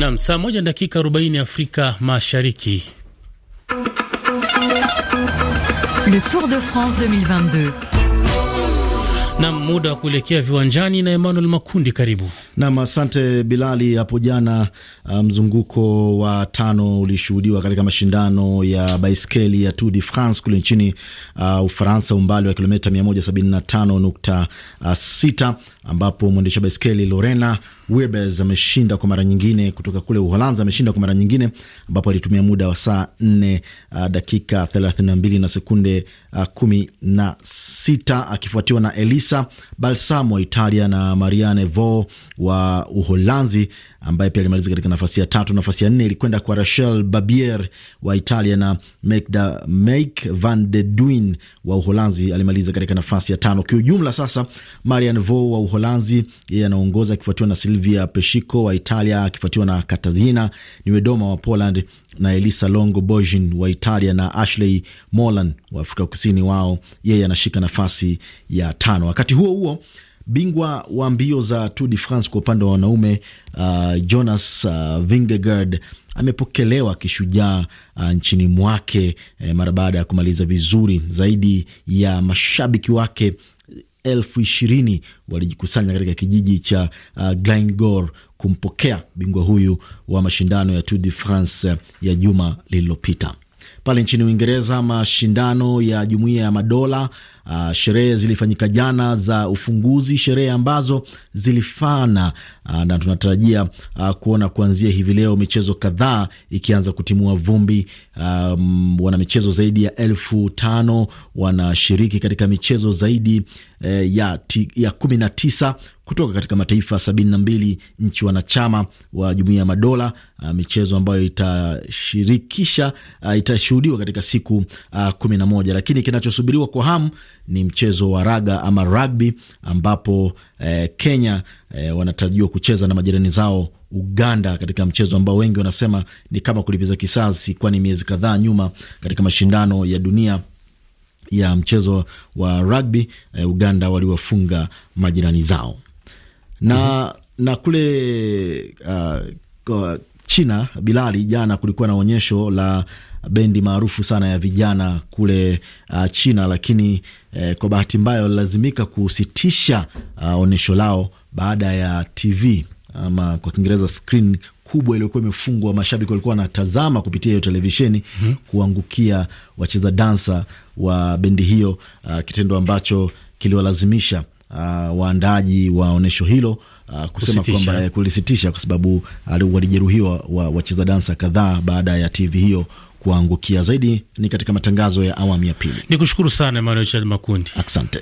Nam, saa moja dakika 40 Afrika Mashariki. Le Tour de France 2022. Nam, muda wa kuelekea viwanjani na Emmanuel Makundi, karibu nam. Asante Bilali. Hapo jana uh, mzunguko wa tano ulishuhudiwa katika mashindano ya baiskeli ya Tour de France kule nchini uh, Ufaransa, umbali wa kilometa 175.6 uh, ambapo mwendesha baiskeli Lorena Wirbes ameshinda kwa mara nyingine kutoka kule Uholanzi, ameshinda kwa mara nyingine ambapo alitumia muda wa saa nne uh, dakika thelathini na mbili na sekunde uh, kumi na sita akifuatiwa na Elisa Balsamo wa Italia na Mariane Vo wa Uholanzi ambaye pia alimaliza katika nafasi ya tatu. Nafasi ya nne ilikwenda kwa Rachel Barbier wa Italia na Meike van de Duin wa Uholanzi alimaliza katika nafasi ya tano. Kiujumla sasa Marian Vo wa Uholanzi yeye anaongoza akifuatiwa na Sylvie Silvia Peshiko wa Italia, akifuatiwa na Katazina wedoma wa Poland na Elisa Longo Bojin wa Italia na Ashley Molan wa Afrika Kusini. Wao yeye anashika nafasi ya tano. Wakati huo huo bingwa wa mbio za Tour de France kwa upande wa wanaume uh, Jonas uh, Vingegaard amepokelewa kishujaa uh, nchini mwake eh, mara baada ya kumaliza vizuri zaidi ya mashabiki wake elfu ishirini walijikusanya katika kijiji cha uh, Glingor kumpokea bingwa huyu wa mashindano ya Tour de France ya juma lililopita. Pale nchini Uingereza, mashindano ya Jumuiya ya Madola Uh, sherehe zilifanyika jana za ufunguzi, sherehe ambazo zilifana uh, na tunatarajia uh, kuona kuanzia hivi leo michezo kadhaa ikianza kutimua vumbi. Um, wana michezo zaidi ya elfu tano wanashiriki katika michezo zaidi eh, ya, ya kumi na tisa kutoka katika mataifa sabini na mbili nchi wanachama wa jumuia ya Madola. Uh, michezo ambayo itashirikisha uh, itashuhudiwa katika siku uh, kumi na moja, lakini kinachosubiriwa kwa hamu ni mchezo wa raga ama rugby, ambapo eh, Kenya eh, wanatarajiwa kucheza na majirani zao Uganda katika mchezo ambao wengi wanasema ni kama kulipiza kisasi, kwani miezi kadhaa nyuma katika mashindano ya dunia ya mchezo wa rugby eh, Uganda waliwafunga majirani zao na mm -hmm. na kule uh, China Bilali, jana kulikuwa na onyesho la bendi maarufu sana ya vijana kule uh, China, lakini eh, kwa bahati mbaya walilazimika kusitisha uh, onyesho lao baada ya TV ama kwa Kiingereza screen kubwa iliyokuwa imefungwa, mashabiki walikuwa wanatazama kupitia hiyo televisheni mm -hmm. kuangukia wacheza dansa wa bendi hiyo uh, kitendo ambacho kiliwalazimisha uh, waandaaji wa onyesho hilo Uh, kusema kwamba eh, kulisitisha kwa sababu uh, walijeruhiwa wacheza dansa kadhaa baada ya TV hiyo kuangukia. Zaidi ni katika matangazo ya awamu ya pili. Ni kushukuru sana Emmanuel Charles Makundi, asante.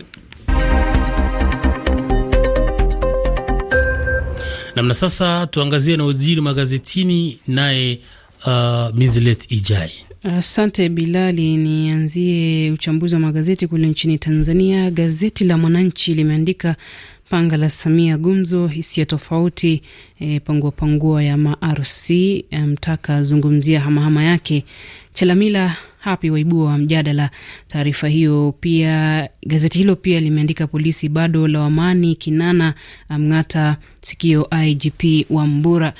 Namna sasa tuangazie na ujiri magazetini naye uh, Minzilet Ijai. Asante Bilali, nianzie uchambuzi wa magazeti kule nchini Tanzania. Gazeti la Mwananchi limeandika Panga la Samia gumzo hisia tofauti, e, pangua pangua ya marc e, mtaka um, zungumzia hamahama yake. Chalamila hapi waibua wa mjadala. Taarifa hiyo pia, gazeti hilo pia limeandika polisi bado wamani Kinana e, Mng'ata sikio IGP wa Mbura.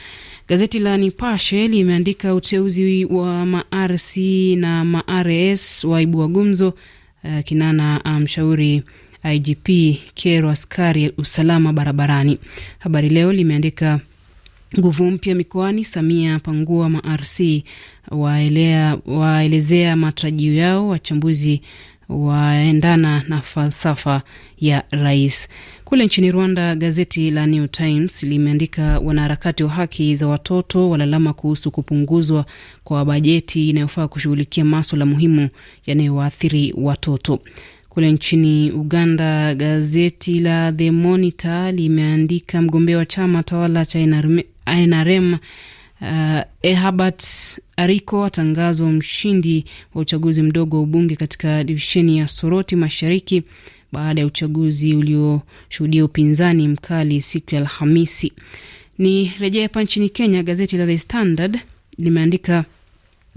Gazeti la Nipashe limeandika uteuzi wa marc na mars waibu waibua wa gumzo. Uh, Kinana amshauri um, IGP Kero askari usalama barabarani. Habari Leo limeandika nguvu mpya mikoani, Samia pangua marc waelea waelezea matarajio yao, wachambuzi waendana na falsafa ya rais. Kule nchini Rwanda, gazeti la New Times limeandika wanaharakati wa haki za watoto walalama kuhusu kupunguzwa kwa bajeti inayofaa kushughulikia maswala muhimu yanayowaathiri watoto. Kule nchini Uganda, gazeti la The Monitor limeandika mgombea wa chama tawala cha NRM uh, Ehabat Ariko atangazwa mshindi wa uchaguzi mdogo wa ubunge katika divisheni ya Soroti Mashariki baada ya uchaguzi ulioshuhudia upinzani mkali siku ya Alhamisi. Ni rejea hapa nchini Kenya, gazeti la The Standard limeandika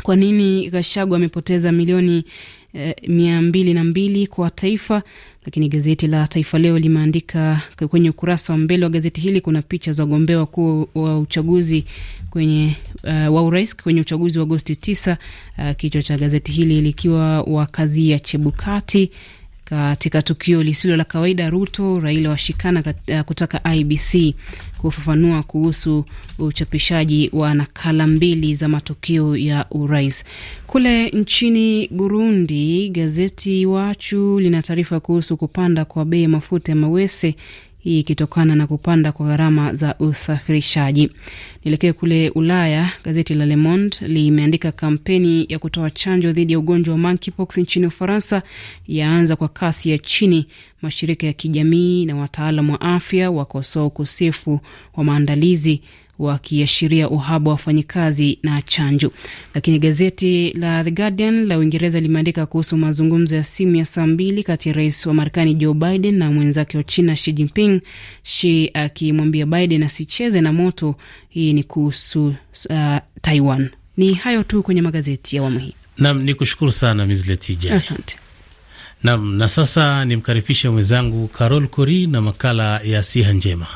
kwa nini Gachagua amepoteza milioni Eh, mia mbili na mbili kwa taifa. Lakini gazeti la Taifa Leo limeandika kwenye ukurasa wa mbele wa gazeti hili kuna picha za wagombea wakuu wa uchaguzi kwenye uh, wa urais kwenye uchaguzi wa Agosti 9 uh, eh, kichwa cha gazeti hili likiwa wa kazi ya Chebukati katika tukio lisilo la kawaida, Ruto Raila washikana eh, kutaka IBC kufafanua kuhusu uchapishaji wa nakala mbili za matokeo ya urais. Kule nchini Burundi, gazeti Wachu lina taarifa kuhusu kupanda kwa bei ya mafuta ya mawese hii ikitokana na kupanda kwa gharama za usafirishaji. Nielekee kule Ulaya. Gazeti la Le Monde limeandika kampeni ya kutoa chanjo dhidi ya ugonjwa wa monkeypox nchini Ufaransa yaanza kwa kasi ya chini. Mashirika ya kijamii na wataalam wa afya wakosoa ukosefu wa maandalizi wakiashiria uhaba wa wafanyikazi na chanjo. Lakini gazeti la The Guardian la Uingereza limeandika kuhusu mazungumzo ya simu ya saa mbili kati ya rais wa Marekani Joe Biden na mwenzake wa China Xi Jinping, Xi akimwambia Biden asicheze na moto. Hii ni kuhusu uh, Taiwan. Ni hayo tu kwenye magazeti ya awamu hii. Nam ni kushukuru sana Mizletija, asante. Nam na sasa nimkaribishe mwenzangu Carol Kori na makala ya siha njema.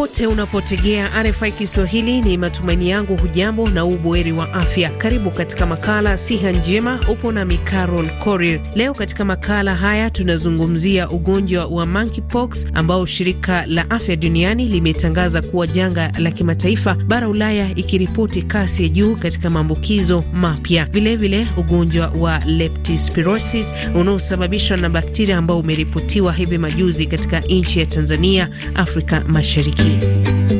popote unapotegea RFI Kiswahili, ni matumaini yangu hujambo na uboeri wa afya. Karibu katika makala siha njema, upo nami Carol Korir. Leo katika makala haya tunazungumzia ugonjwa wa monkeypox ambao shirika la afya duniani limetangaza kuwa janga la kimataifa, bara Ulaya ikiripoti kasi ya juu katika maambukizo mapya. Vilevile ugonjwa wa leptospirosis unaosababishwa na bakteria ambao umeripotiwa hivi majuzi katika nchi ya Tanzania, Afrika Mashariki. Thank you.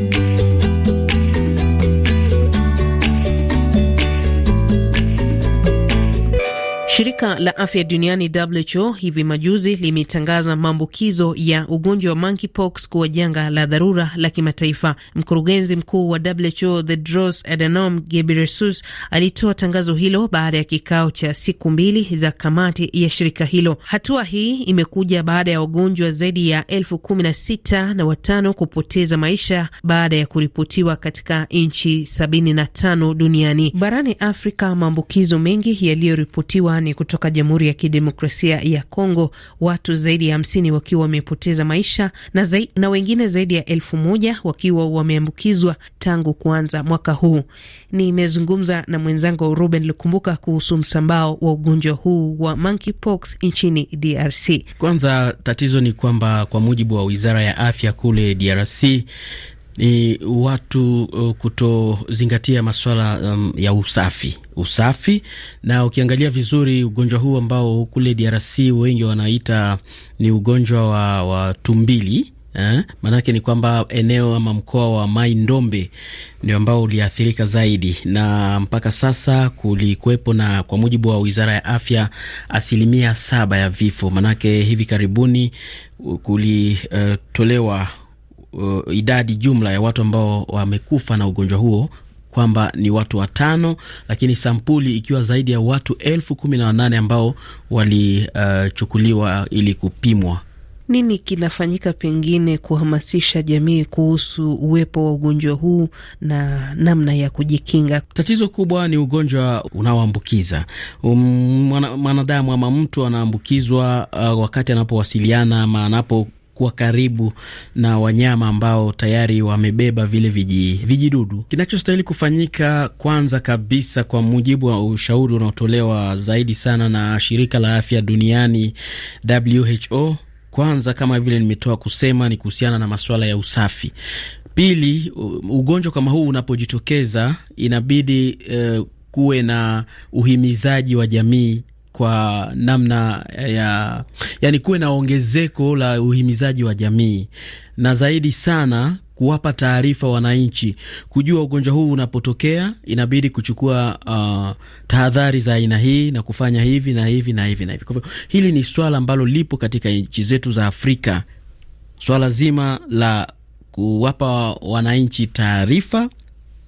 Shirika la afya duniani WHO hivi majuzi limetangaza maambukizo ya ugonjwa wa monkeypox kuwa janga la dharura la kimataifa. Mkurugenzi mkuu wa WHO Tedros Adhanom Ghebreyesus alitoa tangazo hilo baada ya kikao cha siku mbili za kamati ya shirika hilo. Hatua hii imekuja baada ya wagonjwa zaidi ya elfu kumi na sita na watano kupoteza maisha baada ya kuripotiwa katika nchi sabini na tano duniani. Barani Afrika, maambukizo mengi yaliyoripotiwa Sudani kutoka Jamhuri ya Kidemokrasia ya Kongo, watu zaidi ya hamsini wakiwa wamepoteza maisha na, zai, na wengine zaidi ya elfu moja wakiwa wameambukizwa tangu kuanza mwaka huu. Nimezungumza na mwenzangu Ruben Lukumbuka kuhusu msambao wa ugonjwa huu wa monkeypox nchini DRC. Kwanza tatizo ni kwamba kwa mujibu wa Wizara ya Afya kule DRC ni watu uh, kutozingatia masuala um, ya usafi usafi. Na ukiangalia vizuri ugonjwa huu ambao kule DRC wengi wanaita ni ugonjwa wa, wa tumbili eh? Maanake ni kwamba eneo ama mkoa wa Mai Ndombe ndio ambao uliathirika zaidi, na mpaka sasa kulikuwepo na, kwa mujibu wa wizara ya afya, asilimia saba ya vifo. Maanake hivi karibuni uh, kulitolewa uh, uh, idadi jumla ya watu ambao wamekufa na ugonjwa huo kwamba ni watu watano, lakini sampuli ikiwa zaidi ya watu elfu kumi na wanane ambao walichukuliwa uh, ili kupimwa. Nini kinafanyika pengine kuhamasisha jamii kuhusu uwepo wa ugonjwa huu na namna ya kujikinga? Tatizo kubwa ni ugonjwa unaoambukiza um, mwanadamu ama mtu anaambukizwa uh, wakati anapowasiliana ama anapo kuwa karibu na wanyama ambao tayari wamebeba vile viji, vijidudu. Kinachostahili kufanyika kwanza kabisa, kwa mujibu wa ushauri unaotolewa zaidi sana na shirika la afya duniani WHO, kwanza kama vile nimetoa kusema ni kuhusiana na masuala ya usafi. Pili, ugonjwa kama huu unapojitokeza inabidi uh, kuwe na uhimizaji wa jamii kwa namna ya yani, kuwe na ongezeko la uhimizaji wa jamii na zaidi sana kuwapa taarifa wananchi, kujua ugonjwa huu unapotokea inabidi kuchukua uh, tahadhari za aina hii na kufanya hivi na hivi na hivi na hivi. Kwa hivyo hili ni swala ambalo lipo katika nchi zetu za Afrika, swala zima la kuwapa wananchi taarifa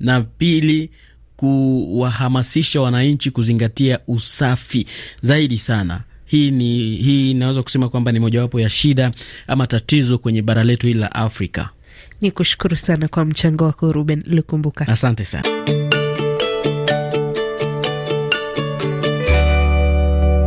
na pili kuwahamasisha wananchi kuzingatia usafi zaidi sana. Hii ni hii inaweza kusema kwamba ni mojawapo ya shida ama tatizo kwenye bara letu hili la Afrika. Ni kushukuru sana kwa mchango wako Ruben Lukumbuka, asante sana.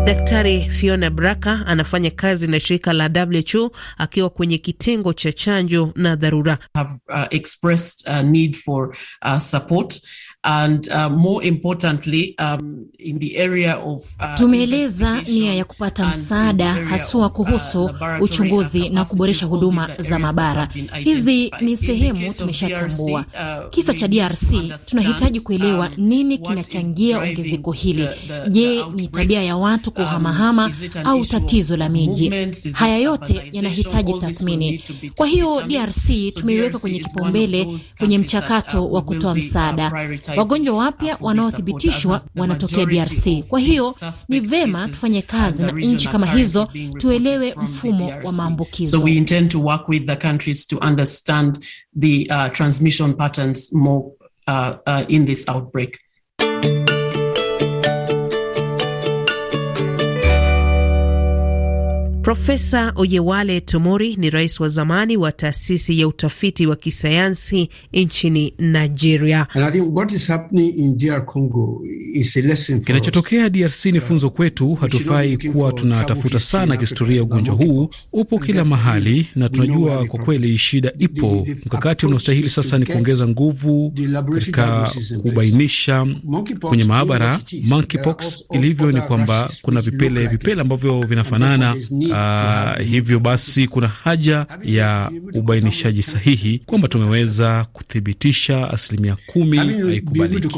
Daktari Fiona Braka anafanya kazi na shirika la WHO akiwa kwenye kitengo cha chanjo na dharura. Have, uh, expressed, uh, need for, uh, support. And, uh, more importantly, um, in the area of, uh, tumeeleza nia ya kupata msaada haswa uh, kuhusu uh, uchunguzi na kuboresha huduma za mabara. Hizi ni sehemu tumeshatambua. Uh, Kisa cha DRC tunahitaji kuelewa um, nini kinachangia ongezeko hili. Je, ni tabia ya watu um, kuhamahama um, au tatizo la miji? Haya yote yanahitaji tathmini. Kwa hiyo DRC tumeiweka kwenye kipaumbele kwenye mchakato uh, wa kutoa msaada. Wagonjwa wapya wanaothibitishwa wanatokea DRC. Kwa hiyo ni vema tufanye kazi na nchi kama hizo, tuelewe mfumo wa maambukizo. So uh, uh, uh, in this outbreak. Profesa Oyewale Tomori ni rais wa zamani wa taasisi ya utafiti wa kisayansi nchini Nigeria. Kinachotokea DRC ni uh, funzo kwetu. Hatufai kuwa tunatafuta sana kihistoria. ya Ugonjwa huu upo kila mahali, na tunajua kwa kweli shida ipo. Mkakati unaostahili sasa ni kuongeza nguvu katika kubainisha kwenye maabara monkeypox ilivyo, ni kwamba kuna vipele vipele ambavyo vinafanana Uh, hivyo basi kuna haja ya ubainishaji sahihi kwamba tumeweza kuthibitisha asilimia kumi haikubaliki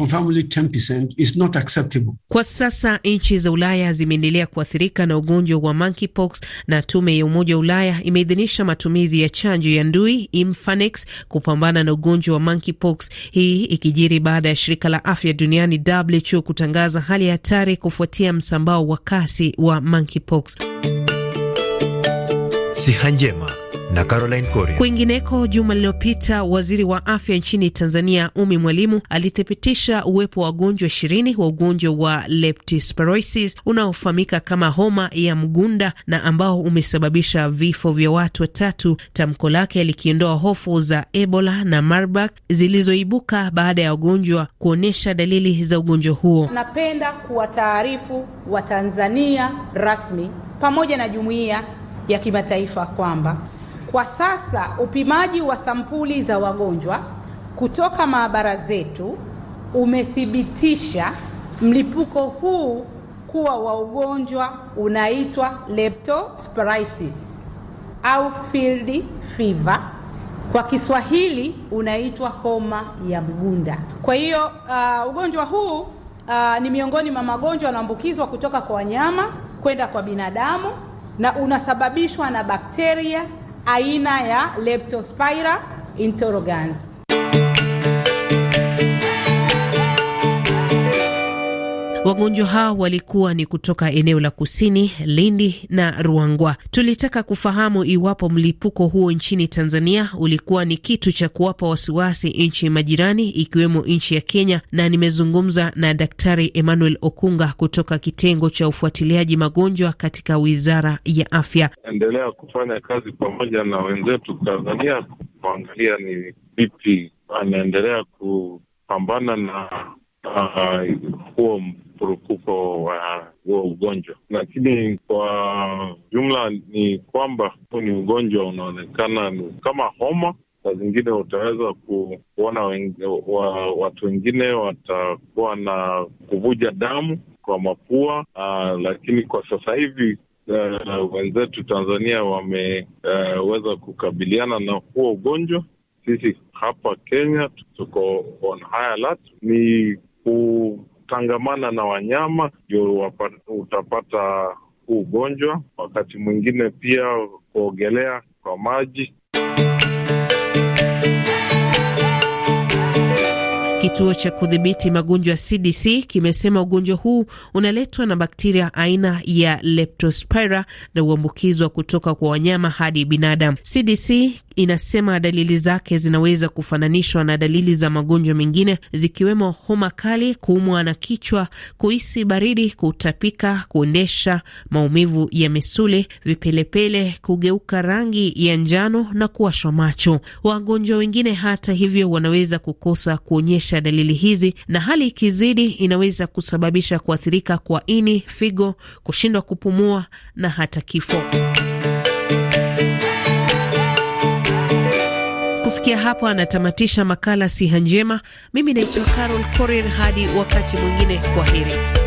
kwa sasa. Nchi za Ulaya zimeendelea kuathirika na ugonjwa wa monkeypox, na tume ya Umoja wa Ulaya imeidhinisha matumizi ya chanjo ya ndui Imfanex kupambana na ugonjwa wa monkeypox, hii ikijiri baada ya shirika la afya duniani WHO kutangaza hali ya hatari kufuatia msambao wa kasi wa monkeypox. Siha Njema na Caroline Korea. Kwingineko, juma lililopita, waziri wa afya nchini Tanzania Umi Mwalimu alithibitisha uwepo wa wagonjwa ishirini wa ugonjwa wa leptospirosis unaofahamika kama homa ya mgunda na ambao umesababisha vifo vya watu watatu, tamko lake likiondoa hofu za Ebola na Marburg zilizoibuka baada ya wagonjwa kuonyesha dalili za ugonjwa huo. Napenda kuwataarifu Watanzania rasmi pamoja na jumuiya ya kimataifa kwamba kwa sasa upimaji wa sampuli za wagonjwa kutoka maabara zetu umethibitisha mlipuko huu kuwa wa ugonjwa unaitwa leptospirosis au field fever, kwa Kiswahili unaitwa homa ya mgunda. Kwa hiyo uh, ugonjwa huu uh, ni miongoni mwa magonjwa yanayoambukizwa kutoka kwa wanyama kwenda kwa binadamu na unasababishwa na bakteria aina ya Leptospira interrogans. Wagonjwa hao walikuwa ni kutoka eneo la Kusini, Lindi na Ruangwa. Tulitaka kufahamu iwapo mlipuko huo nchini Tanzania ulikuwa ni kitu cha kuwapa wasiwasi nchi majirani ikiwemo nchi ya Kenya, na nimezungumza na Daktari Emmanuel Okunga kutoka kitengo cha ufuatiliaji magonjwa katika Wizara ya Afya. Endelea kufanya kazi pamoja na wenzetu Tanzania kuangalia ni vipi anaendelea kupambana na ah, huo mkurupuko wa huo ugonjwa. Lakini kwa jumla ni kwamba huu ni ugonjwa unaonekana ni kama homa saa zingine utaweza kuona wengi, wa, watu wengine watakuwa na kuvuja damu kwa mapua uh, lakini kwa sasa hivi uh, wenzetu Tanzania wameweza ah, uh, kukabiliana na huo ugonjwa. Sisi hapa Kenya tuko on high alert, ni ku kutangamana na wanyama ndio utapata huu ugonjwa. Wakati mwingine pia kuogelea kwa maji Kituo cha kudhibiti magonjwa CDC kimesema ugonjwa huu unaletwa na bakteria aina ya Leptospira na huambukizwa kutoka kwa wanyama hadi binadamu. CDC inasema dalili zake zinaweza kufananishwa na dalili za magonjwa mengine zikiwemo homa kali, kuumwa na kichwa, kuhisi baridi, kutapika, kuendesha, maumivu ya misuli, vipelepele, kugeuka rangi ya njano na kuwashwa macho. Wagonjwa wengine hata hivyo wanaweza kukosa kuonyesha kuonyesha dalili hizi, na hali ikizidi inaweza kusababisha kuathirika kwa ini, figo, kushindwa kupumua na hata kifo. Kufikia hapo anatamatisha makala Siha Njema. Mimi naitwa Carol Korir, hadi wakati mwingine, kwa heri.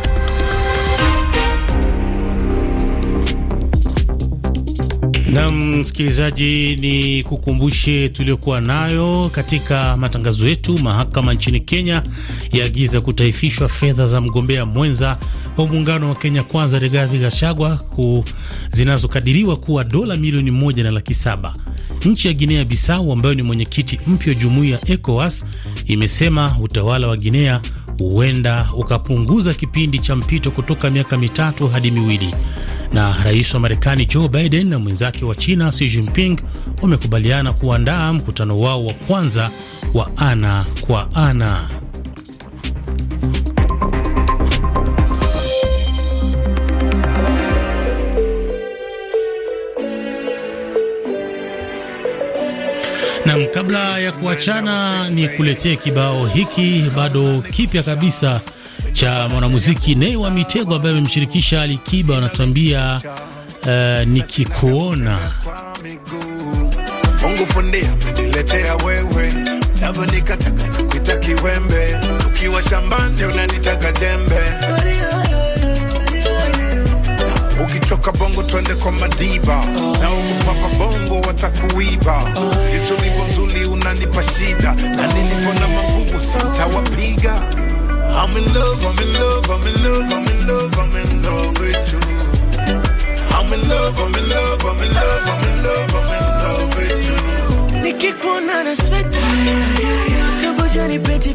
Na msikilizaji, ni kukumbushe tuliokuwa nayo katika matangazo yetu. Mahakama nchini Kenya yaagiza kutaifishwa fedha za mgombea mwenza wa muungano wa Kenya Kwanza Rigathi Gachagua zinazokadiriwa kuwa dola milioni moja na laki saba. Nchi ya Guinea Bissau ambayo ni mwenyekiti mpya wa jumuiya ecoas ECOWAS imesema utawala wa Guinea huenda ukapunguza kipindi cha mpito kutoka miaka mitatu hadi miwili na rais wa Marekani Joe Biden na mwenzake wa China Xi Jinping wamekubaliana kuandaa mkutano wao wa kwanza wa ana kwa ana. Nam, kabla ya kuachana, ni kuletee kibao hiki bado kipya kabisa cha mwanamuziki Nay wa Mitego ambaye amemshirikisha Ali Kiba, wanatuambia uh, eh, nikikuona Mungu fundia meniletea wewe navyo nikataka nakuita kiwembe ukiwa shambani unanitaka jembe ukichoka bongo twende kwa madiba na ukupapa bongo watakuiba isolivyo nzuli unanipa shida na nilivona na manguvu sitawapiga I'm in love, I'm in love, I'm in love, I'm in love, I'm in love with you. I'm in love, I'm in love, I'm in love, I'm in love, I'm in love with you. Nikikuona na sweat, kaboja nipete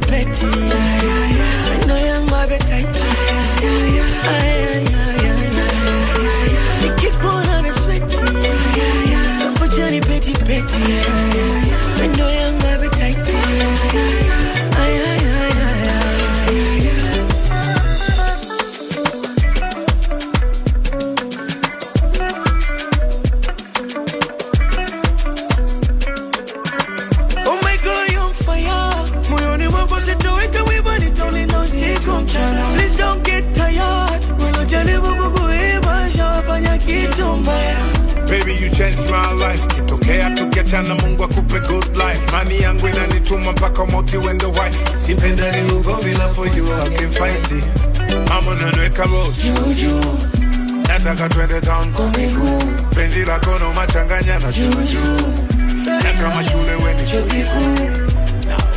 kama shule weni chuo kikuu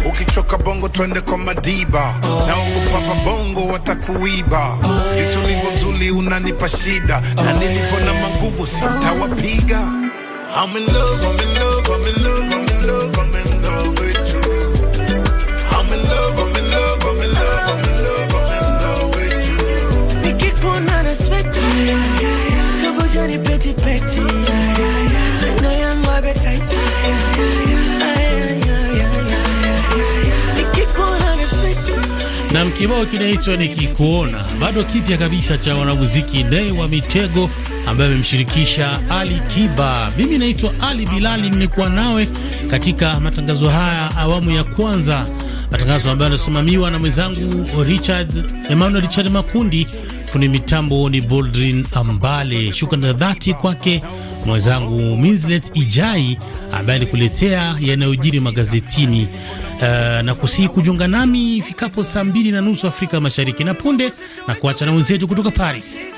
Ukichoka bongo twende kwa madiba oh, na ukupapa bongo watakuiba oh, Yesu ulivyo nzuri unanipa shida na nilivyo na manguvu sitawapiga. I'm in love, I'm in love, I'm in love, I'm in love, I'm in love with you. I'm in love, I'm in love, I'm in love, I'm in love, I'm in love with you. Nikikuona na sweat, kabuja ni peti peti Kibao kinaitwa Nikikuona, bado kipya kabisa cha wanamuziki Nay wa Mitego ambaye amemshirikisha Ali Kiba. Mimi naitwa Ali Bilali, nimekuwa nawe katika matangazo haya awamu ya kwanza, matangazo ambayo yanasimamiwa na mwenzangu Richard Emmanuel Richard Makundi. Fundi mitambo ni Boldrin Ambale. Shukrani za dhati kwake mwenzangu Minslet Ijai ambaye alikuletea yanayojiri magazetini. Uh, na kusihi kujiunga nami ifikapo saa mbili na nusu Afrika Mashariki, na punde na kuacha na wenzetu kutoka Paris.